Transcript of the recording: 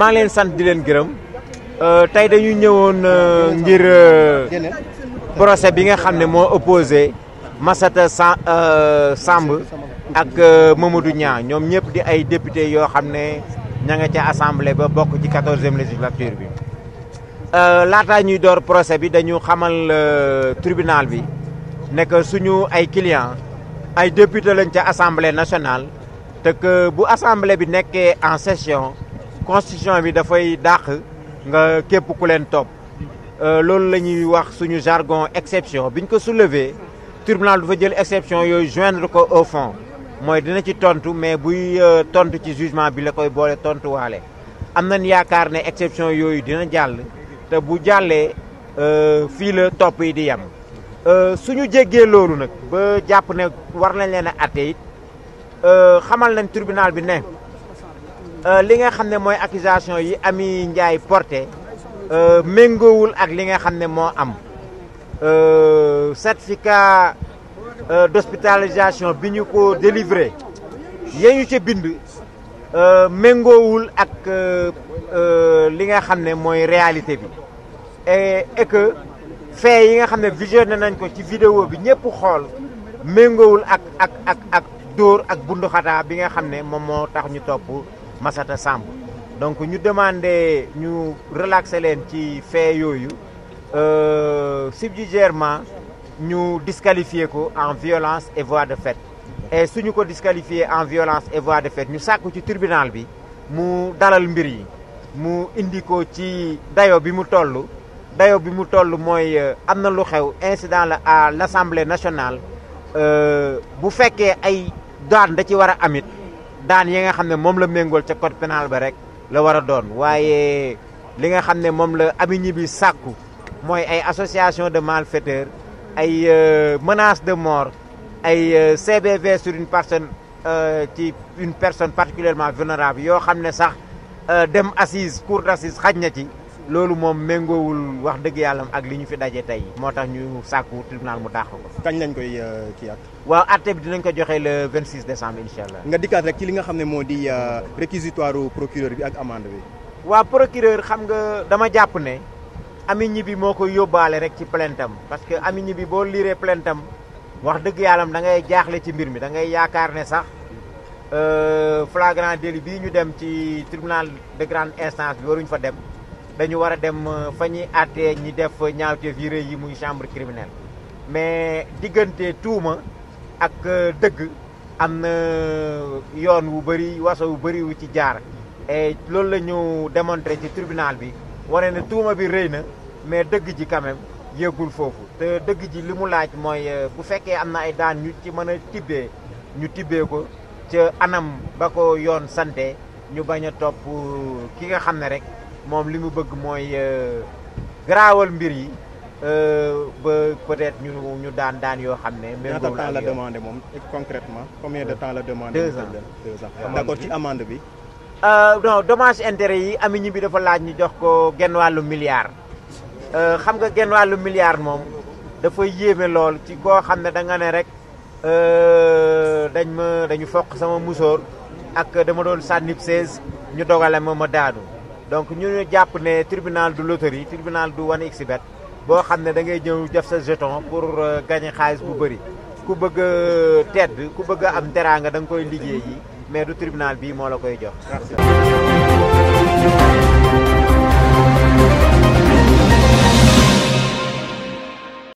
maa leen sant di leen gërëm euh, tey dañu ñëwoon euh, ngir euh, procès bi nga xam ne moo opposé Massata Samb ak Mamadou Niang ñoom ñëpp di ay député yoo xam ne ña nga ca assemblée ba bokk ci quatorzième législature bi laataa ñuy door procès bi dañu xamal tribunal bi nekk suñu ay client ay député lañ ca assemblée nationale te bu assemblée bi nekkee en session constitution bi dafay dàq nga képp ku leen topp euh, loolu la ñuy wax suñu jargon exception bi ñu ko soulever tribunal du fa jël exception yooyu joindre ko au fond mooy dina ci tontu mais buy euh, tontu ci jugement bi la koy boole tontuwaale am nañ yaakaar ne exception yooyu dina jàll te bu jàllee euh, fii la topp yi di yem suñu jéggee loolu nag ba jàpp ne war nañ leen a atte it xamal nañ tribunal bi ne Euh, li nga xam ne mooy accusation yi Amy Ndiaye porté euh, méngoowul ak li nga xam ne moo am euh, certificat d'hospitalisation bi ñu ko délivré yeñu ci bind méngoowul ak li nga xam ne mooy réalité bi et et que yi nga xam ne visionné nañ ko ci vidéo bi ñëpp xool méngoowul ak ak ak ak dóor ak bunduxataa bi nga xam ne moom moo tax ñu topp Massata Samb donc ñu demandé ñu relaxer leen ci fait yooyu euh, subsidiairement ñu disqualifier ko en violence et voie de fait et su ñu ko disqualifier en violence et voie de fait ñu sàkku ci tribunal bi mu dalal mbir yi mu indi ko ci dayo bi mu toll dayo bi mu toll mooy euh, am na lu xew incident la à l'Assemblée nationale euh, bu fekkee ay daan da ci war a amit daan yi nga xam ne moom la méngool ca code pénal ba rek la war a doon waaye li nga xam ne moom la abiñi ñibbi sàkku mooy ay association de malfaiteurs ay euh, menace de mort ay euh, CBV sur une personne euh, ci une personne particulièrement vulnérable yoo xam ne sax dem assise cour d'assise xaj na ci loolu moom méngoowul wax dëgg yàlla ak li ñu fi daje tey moo tax ñu sàkku tribunal mu dàq ko kañ lañ koy euh, kii ak waa atte bi dinañ ko joxe le 26 décembre incha allah nga dikkaat rek ci li nga xam ne moo di euh, réquisitoire procureur bi ak amande bi waa procureur xam nga dama jàpp ne ami ñibbi moo ko yóbbaale rek ci plainte parce que ami ñibbi boo liiree plainte wax dëgg yàllam da ngay jaaxle ci mbir mi da ngay yaakaar ne sax euh, flagrant délit bii ñu dem ci tribunal de grande instance bi fa dem dañu war a dem euh, fa ñuy àttee ñi def ñaawteef yi rëy yi muy chambre criminelle mais diggante tuuma ak euh, dëgg am na euh, yoon wu bëri waso wu bëri wu ci jaar et loolu la ñu démontré ci tribunal bi wane ne tuuma bi rëy na mais dëgg ji quand même yéegul foofu te dëgg ji li mu laaj mooy bu fekkee am na ay daan ñu ci mën a tibbee ñu tibbee ko ca anam ba ko yoon sante ñu bañ a topp ki nga xam ne rek moom li mu bëgg mooy euh, garaawal mbir yi euh, ba peut-être ñu ñu daan daan yoo xam ne. ñaata temps la demandé moom concrètement combien de euh, temps la demandé. deux ans deux ans d'accord ci amende bi. non dommage intérêt yi ami ñi bi dafa laaj ñu jox ko genn wàllu milliard. xam nga genn wàllu milliard moom dafa yéeme lool ci koo xam ne da nga ne rek dañ ma dañu foq sama musóor ak dama doon sànnib 16 ñu dogale ma ma daanu. donc ñu ñu jàpp ne tribunal du loterie tribunal du 1xBet boo xam ne dangay ngay ñëw def sa jeton pour euh, gagne xaalis bu bëri ku bëgg a euh, tedd ku bëgg a am teraanga da nga koy liggéey yi mais du tribunal bii moo la koy jox.